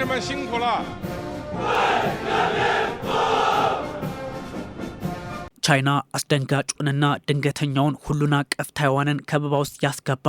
同志们辛苦了！ቻይና አስደንጋጩንና ድንገተኛውን ሁሉን አቀፍ ታይዋንን ከበባ ውስጥ ያስገባ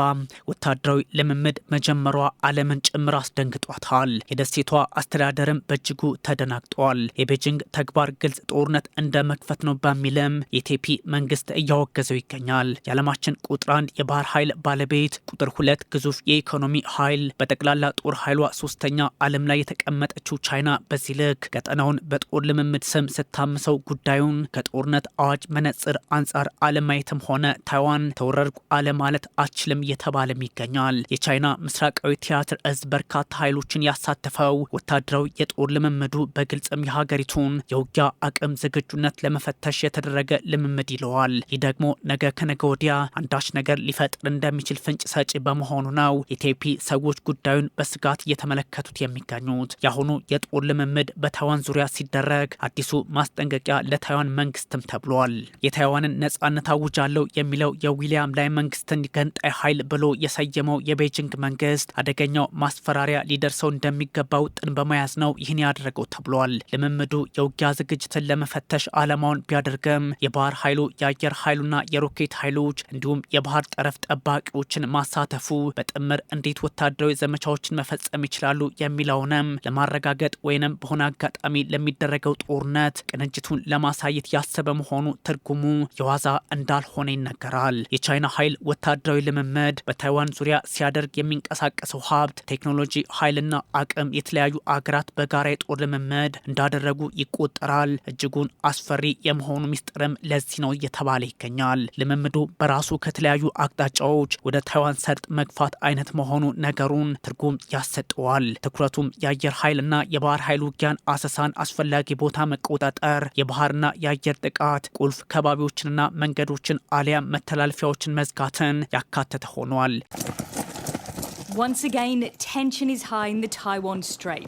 ወታደራዊ ልምምድ መጀመሯ ዓለምን ጭምር አስደንግጧታል። የደሴቷ አስተዳደርም በእጅጉ ተደናግጧል። የቤጂንግ ተግባር ግልጽ ጦርነት እንደ መክፈት ነው በሚልም የቴፒ መንግስት እያወገዘው ይገኛል። የዓለማችን ቁጥር አንድ የባህር ኃይል ባለቤት፣ ቁጥር ሁለት ግዙፍ የኢኮኖሚ ኃይል፣ በጠቅላላ ጦር ኃይሏ ሶስተኛ ዓለም ላይ የተቀመጠችው ቻይና በዚህ ልክ ቀጠናውን በጦር ልምምድ ስም ስታምሰው ጉዳዩን ከጦርነት አዋ ከአዋጅ መነጽር አንጻር አለማየትም ሆነ ታይዋን ተወረርኩ አለማለት አችልም እየተባለም ይገኛል። የቻይና ምስራቃዊ ቲያትር እዝ በርካታ ኃይሎችን ያሳተፈው ወታደራዊ የጦር ልምምዱ በግልጽም የሀገሪቱን የውጊያ አቅም ዝግጁነት ለመፈተሽ የተደረገ ልምምድ ይለዋል። ይህ ደግሞ ነገ ከነገ ወዲያ አንዳች ነገር ሊፈጥር እንደሚችል ፍንጭ ሰጪ በመሆኑ ነው የቴፒ ሰዎች ጉዳዩን በስጋት እየተመለከቱት የሚገኙት። የአሁኑ የጦር ልምምድ በታይዋን ዙሪያ ሲደረግ አዲሱ ማስጠንቀቂያ ለታይዋን መንግስትም ተብሎ ብሏል። የታይዋንን ነጻነት አውጃለሁ የሚለው የዊሊያም ላይ መንግስትን ገንጣይ ኃይል ብሎ የሰየመው የቤጂንግ መንግስት አደገኛው ማስፈራሪያ ሊደርሰው እንደሚገባው ጥን በመያዝ ነው ይህን ያደረገው ተብሏል። ልምምዱ የውጊያ ዝግጅትን ለመፈተሽ አለማውን ቢያደርግም የባህር ኃይሉ የአየር ኃይሉና የሮኬት ኃይሎች እንዲሁም የባህር ጠረፍ ጠባቂዎችን ማሳተፉ በጥምር እንዴት ወታደራዊ ዘመቻዎችን መፈጸም ይችላሉ የሚለውንም ለማረጋገጥ ወይንም በሆነ አጋጣሚ ለሚደረገው ጦርነት ቅንጅቱን ለማሳየት ያሰበ መሆኑ በመሆኑ ትርጉሙ የዋዛ እንዳልሆነ ይነገራል። የቻይና ኃይል ወታደራዊ ልምምድ በታይዋን ዙሪያ ሲያደርግ የሚንቀሳቀሰው ሀብት፣ ቴክኖሎጂ፣ ኃይልና አቅም የተለያዩ አገራት በጋራ የጦር ልምምድ እንዳደረጉ ይቆጠራል። እጅጉን አስፈሪ የመሆኑ ሚስጥርም ለዚህ ነው እየተባለ ይገኛል። ልምምዱ በራሱ ከተለያዩ አቅጣጫዎች ወደ ታይዋን ሰርጥ መግፋት አይነት መሆኑ ነገሩን ትርጉም ያሰጠዋል። ትኩረቱም የአየር ኃይልና የባህር ኃይል ውጊያን፣ አሰሳን፣ አስፈላጊ ቦታ መቆጣጠር፣ የባህርና የአየር ጥቃት፣ ቁልፍ ከባቢዎችንና መንገዶችን አሊያም መተላለፊያዎችን መዝጋትን ያካተተ ሆኗል።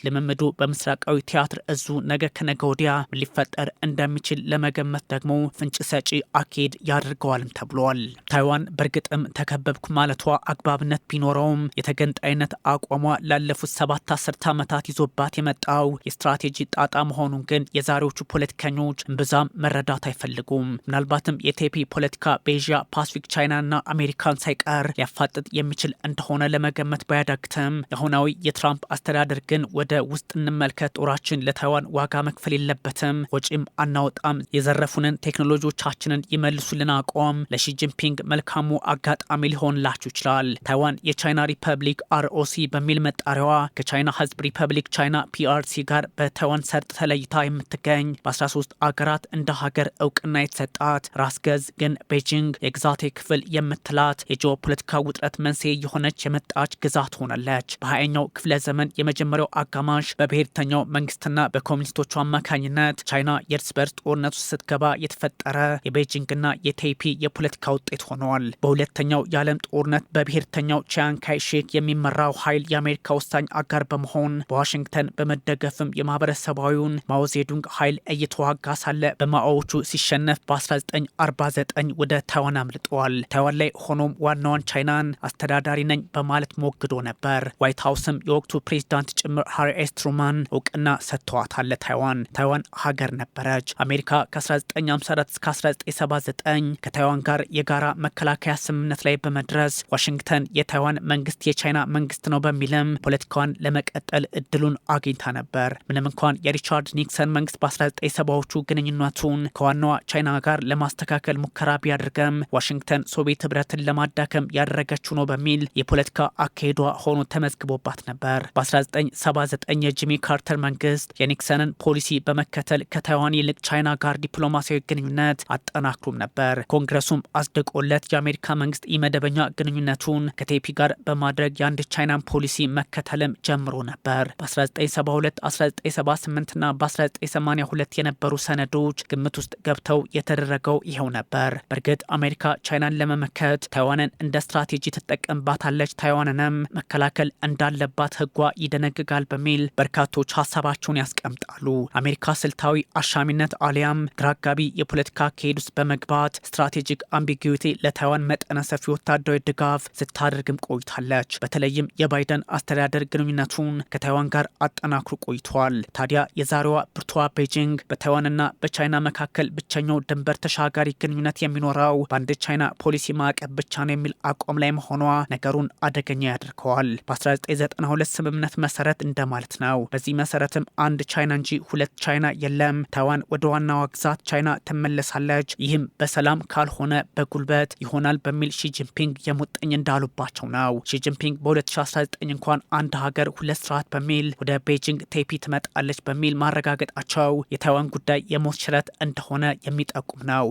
ልምምዱ በምስራቃዊ ቲያትር እዙ ነገ ከነገ ወዲያ ሊፈጠር እንደሚችል ለመገመት ደግሞ ፍንጭ ሰጪ አኬድ ያደርገዋልም ተብሏል። ታይዋን በእርግጥም ተከበብኩ ማለቷ አግባብነት ቢኖረውም የተገንጣይነት አቋሟ ላለፉት ሰባት አስርት ዓመታት ይዞባት የመጣው የስትራቴጂ ጣጣ መሆኑን ግን የዛሬዎቹ ፖለቲከኞች እምብዛም መረዳት አይፈልጉም። ምናልባትም የቴፒ ፖለቲካ በኤዥያ ፓሲፊክ ቻይናና አሜሪካን ሳይቀር ሊያፋጥጥ የሚችል እንደሆነ ለመገመት መገመት ባያዳግተም የአሁናዊ የትራምፕ አስተዳደር ግን ወደ ውስጥ እንመልከት፣ ጦራችን ለታይዋን ዋጋ መክፈል የለበትም፣ ወጪም አናወጣም፣ የዘረፉንን ቴክኖሎጂዎቻችንን ይመልሱልን፣ አቆም ለሺጂንፒንግ መልካሙ አጋጣሚ ሊሆንላችሁ ይችላል። ታይዋን የቻይና ሪፐብሊክ አርኦሲ በሚል መጣሪያዋ ከቻይና ህዝብ ሪፐብሊክ ቻይና ፒአርሲ ጋር በታይዋን ሰርጥ ተለይታ የምትገኝ በ13 አገራት እንደ ሀገር እውቅና የተሰጣት ራስ ገዝ ግን ቤጂንግ የግዛቴ ክፍል የምትላት ፖለቲካ ውጥረት መንስኤ የሆነች የመጣች ግዛት ሆናለች። በሀያኛው ክፍለ ዘመን የመጀመሪያው አጋማሽ በብሔርተኛው መንግስትና በኮሚኒስቶቹ አማካኝነት ቻይና የእርስ በርስ ጦርነቱ ስትገባ የተፈጠረ የቤጂንግና የቴይፒ የፖለቲካ ውጤት ሆነዋል። በሁለተኛው የዓለም ጦርነት በብሔርተኛው ቺያንግ ካይሼክ የሚመራው ኃይል የአሜሪካ ወሳኝ አጋር በመሆን በዋሽንግተን በመደገፍም የማህበረሰባዊውን ማኦዜዱንግ ኃይል እየተዋጋ ሳለ በማኦዎቹ ሲሸነፍ በ1949 ወደ ታይዋን አምልጠዋል። ታይዋን ላይ ሆኖም ዋናዋን ቻይናን አስተዳዳሪ ነኝ በማለት ሞ አስወግዶ ነበር። ዋይት ሀውስም የወቅቱ ፕሬዚዳንት ጭምር ሃሪ ኤስ ትሩማን እውቅና ሰጥተዋታል። ታይዋን ታይዋን ሀገር ነበረች። አሜሪካ ከ1954 እስከ 1979 ከታይዋን ጋር የጋራ መከላከያ ስምምነት ላይ በመድረስ ዋሽንግተን የታይዋን መንግስት የቻይና መንግስት ነው በሚልም ፖለቲካዋን ለመቀጠል እድሉን አግኝታ ነበር። ምንም እንኳን የሪቻርድ ኒክሰን መንግስት በ1970ዎቹ ግንኙነቱን ከዋናዋ ቻይና ጋር ለማስተካከል ሙከራ ቢያደርገም ዋሽንግተን ሶቪየት ህብረትን ለማዳከም ያደረገችው ነው በሚል የፖለቲካ አካ ማካሄዷ ሆኖ ተመዝግቦባት ነበር። በ1979 የጂሚ ካርተር መንግስት የኒክሰንን ፖሊሲ በመከተል ከታይዋን ይልቅ ቻይና ጋር ዲፕሎማሲያዊ ግንኙነት አጠናክሩም ነበር። ኮንግረሱም አስደቆለት የአሜሪካ መንግስት ኢመደበኛ ግንኙነቱን ከቴፒ ጋር በማድረግ የአንድ ቻይናን ፖሊሲ መከተልም ጀምሮ ነበር። በ1972 1978ና በ1982 የነበሩ ሰነዶች ግምት ውስጥ ገብተው የተደረገው ይኸው ነበር። በእርግጥ አሜሪካ ቻይናን ለመመከት ታይዋንን እንደ ስትራቴጂ ትጠቀምባታለች። ታይዋንንም ጥቃትም መከላከል እንዳለባት ህጓ ይደነግጋል በሚል በርካቶች ሀሳባቸውን ያስቀምጣሉ። አሜሪካ ስልታዊ አሻሚነት አሊያም ግራጋቢ የፖለቲካ አካሄድ ውስጥ በመግባት ስትራቴጂክ አምቢጊዊቲ ለታይዋን መጠነ ሰፊ ወታደራዊ ድጋፍ ስታደርግም ቆይታለች። በተለይም የባይደን አስተዳደር ግንኙነቱን ከታይዋን ጋር አጠናክሮ ቆይቷል። ታዲያ የዛሬዋ ብርቷ ቤጂንግ በታይዋንና በቻይና መካከል ብቸኛው ድንበር ተሻጋሪ ግንኙነት የሚኖረው በአንድ ቻይና ፖሊሲ ማዕቀብ ብቻ ነው የሚል አቋም ላይ መሆኗ ነገሩን አደገኛ አድርገዋል። በ1992 ስምምነት መሰረት እንደማለት ነው። በዚህ መሰረትም አንድ ቻይና እንጂ ሁለት ቻይና የለም። ታይዋን ወደ ዋናዋ ግዛት ቻይና ትመለሳለች። ይህም በሰላም ካልሆነ በጉልበት ይሆናል በሚል ሺጂንፒንግ የሙጥኝ እንዳሉባቸው ነው። ሺጂንፒንግ በ2019 እንኳን አንድ ሀገር ሁለት ስርዓት በሚል ወደ ቤጂንግ ቴፒ ትመጣለች በሚል ማረጋገጣቸው የታይዋን ጉዳይ የሞት ሽረት እንደሆነ የሚጠቁም ነው።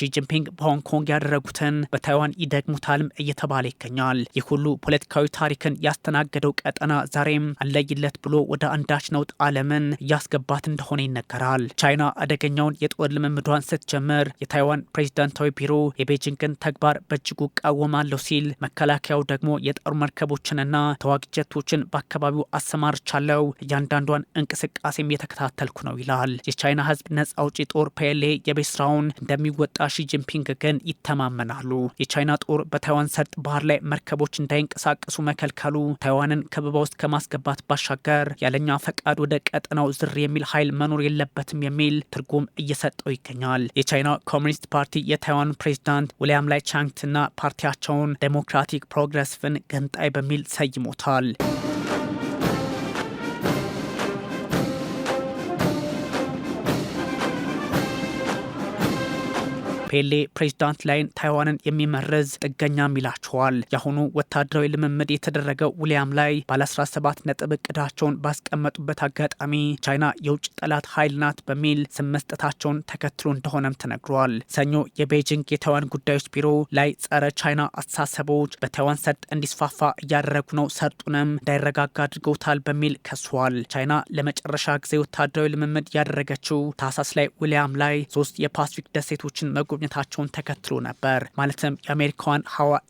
ሺጂንፒንግ በሆንግ ኮንግ ያደረጉትን በታይዋን ይደግሙታልም እየተባለ ይገኛል። ይህ ሁሉ ፖለቲካዊ ታሪክን ያስተናገደው ቀጠና ዛሬም አለይለት ብሎ ወደ አንዳች ነውጥ ዓለምን እያስገባት እንደሆነ ይነገራል። ቻይና አደገኛውን የጦር ልምምዷን ስትጀምር የታይዋን ፕሬዚዳንታዊ ቢሮ የቤጂንግን ተግባር በእጅጉ እቃወማለሁ ሲል፣ መከላከያው ደግሞ የጦር መርከቦችንና ተዋጊ ጀቶችን በአካባቢው አሰማርቻለሁ፣ እያንዳንዷን እንቅስቃሴም የተከታተልኩ ነው ይላል። የቻይና ህዝብ ነጻ አውጪ ጦር ፓሌ የቤት ስራውን እንደሚወጣ ሺጂንፒንግ ግን ይተማመናሉ። የቻይና ጦር በታይዋን ሰርጥ ባህር ላይ መርከቦች እንዳይንቀሳቀሱ መከልከሉ ታይዋንን ከበባ ውስጥ ከማስገባት ባሻገር ያለኛ ፈቃድ ወደ ቀጠናው ዝር የሚል ኃይል መኖር የለበትም የሚል ትርጉም እየሰጠው ይገኛል። የቻይና ኮሚኒስት ፓርቲ የታይዋን ፕሬዚዳንት ውሊያም ላይ ቻንግትና ፓርቲያቸውን ዴሞክራቲክ ፕሮግረስ ገንጣይ በሚል ሰይሞታል። ፔሌ ፕሬዚዳንት ላይን ታይዋንን የሚመርዝ ጥገኛም ይላቸዋል። የአሁኑ ወታደራዊ ልምምድ የተደረገው ውሊያም ላይ ባለ 17 ነጥብ እቅዳቸውን ባስቀመጡበት አጋጣሚ ቻይና የውጭ ጠላት ኃይል ናት በሚል ስም መስጠታቸውን ተከትሎ እንደሆነም ተነግሯል። ሰኞ የቤጂንግ የታይዋን ጉዳዮች ቢሮ ላይ ጸረ ቻይና አስተሳሰቦች በታይዋን ሰርጥ እንዲስፋፋ እያደረጉ ነው፣ ሰርጡንም እንዳይረጋጋ አድርገውታል በሚል ከሷል። ቻይና ለመጨረሻ ጊዜ ወታደራዊ ልምምድ ያደረገችው ታህሳስ ላይ ውሊያም ላይ ሶስት የፓስፊክ ደሴቶችን መጎብ መጎብኘታቸውን ተከትሎ ነበር። ማለትም የአሜሪካዋን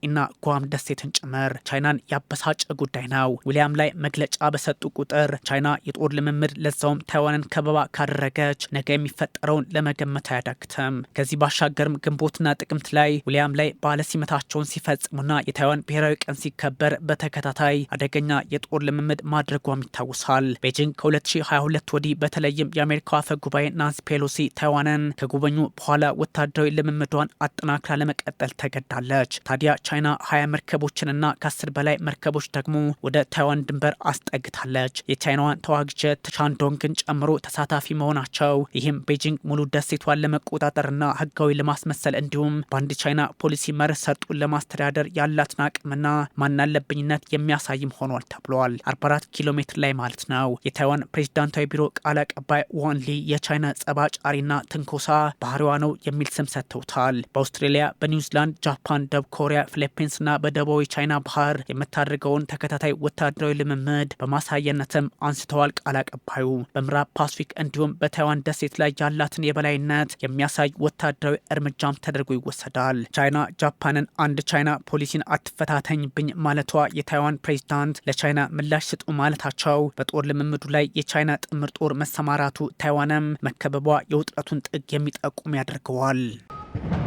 እና ጓም ደሴትን ጭምር ቻይናን ያበሳጨ ጉዳይ ነው። ዊሊያም ላይ መግለጫ በሰጡ ቁጥር ቻይና የጦር ልምምድ ለዛውም ታይዋንን ከበባ ካደረገች ነገ የሚፈጠረውን ለመገመት አያዳግትም። ከዚህ ባሻገርም ግንቦትና ጥቅምት ላይ ዊሊያም ላይ ባለ ሲመታቸውን ሲፈጽሙና የታይዋን ብሔራዊ ቀን ሲከበር በተከታታይ አደገኛ የጦር ልምምድ ማድረጓም ይታወሳል። ቤጂንግ ከ2022 ወዲህ በተለይም የአሜሪካ አፈ ጉባኤ ናንሲ ፔሎሲ ታይዋንን ከጎበኙ በኋላ ወታደራዊ ልምምዷን አጠናክራ ለመቀጠል ተገዳለች። ታዲያ ቻይና ሀያ መርከቦችንና ከአስር በላይ መርከቦች ደግሞ ወደ ታይዋን ድንበር አስጠግታለች። የቻይናዋን ተዋጊ ጀት ቻንዶንግን ጨምሮ ተሳታፊ መሆናቸው ይህም ቤጂንግ ሙሉ ደሴቷን ለመቆጣጠርና ህጋዊ ለማስመሰል እንዲሁም በአንድ ቻይና ፖሊሲ መርህ ሰርጡን ለማስተዳደር ያላትን አቅምና ማናለብኝነት የሚያሳይም ሆኗል ተብሏል። 44 ኪሎ ሜትር ላይ ማለት ነው። የታይዋን ፕሬዚዳንታዊ ቢሮ ቃል አቀባይ ዋንሊ የቻይና ጸባጫሪና ጫሪና ትንኮሳ ባህሪዋ ነው የሚል ስም ሰ። ተውታል። በአውስትሬሊያ፣ በኒውዚላንድ፣ ጃፓን፣ ደቡብ ኮሪያ፣ ፊሊፒንስና በደቡባዊ ቻይና ባህር የምታደርገውን ተከታታይ ወታደራዊ ልምምድ በማሳያነትም አንስተዋል። ቃል አቀባዩ በምዕራብ ፓስፊክ እንዲሁም በታይዋን ደሴት ላይ ያላትን የበላይነት የሚያሳይ ወታደራዊ እርምጃም ተደርጎ ይወሰዳል። ቻይና ጃፓንን አንድ ቻይና ፖሊሲን አትፈታተኝብኝ ማለቷ የታይዋን ፕሬዚዳንት ለቻይና ምላሽ ስጡ ማለታቸው በጦር ልምምዱ ላይ የቻይና ጥምር ጦር መሰማራቱ ታይዋንም መከበቧ የውጥረቱን ጥግ የሚጠቁም ያደርገዋል። Thank you.